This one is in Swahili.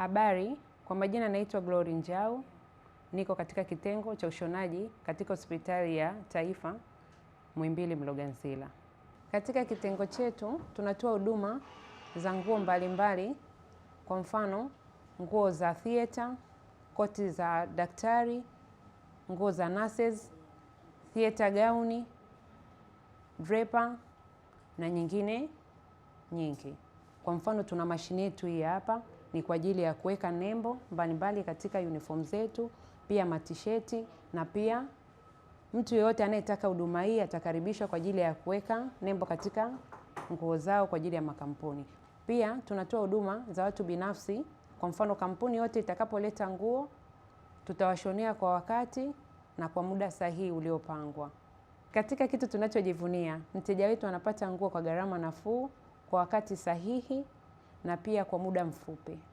Habari, kwa majina naitwa Glory Njau, niko katika kitengo cha ushonaji katika hospitali ya Taifa Muhimbili Mloganzila. Katika kitengo chetu tunatoa huduma za nguo mbalimbali, kwa mfano nguo za theater, koti za daktari, nguo za nurses, theater gauni, draper na nyingine nyingi. Kwa mfano tuna mashine yetu hii hapa ni kwa ajili ya kuweka nembo mbalimbali katika uniform zetu, pia matisheti na pia mtu yeyote anayetaka huduma hii atakaribishwa kwa ajili ya kuweka nembo katika nguo zao kwa ajili ya makampuni. Pia tunatoa huduma za watu binafsi. Kwa mfano, kampuni yote itakapoleta nguo tutawashonea kwa wakati na kwa muda sahihi uliopangwa. Katika kitu tunachojivunia, mteja wetu anapata nguo kwa gharama nafuu, kwa wakati sahihi na pia kwa muda mfupi.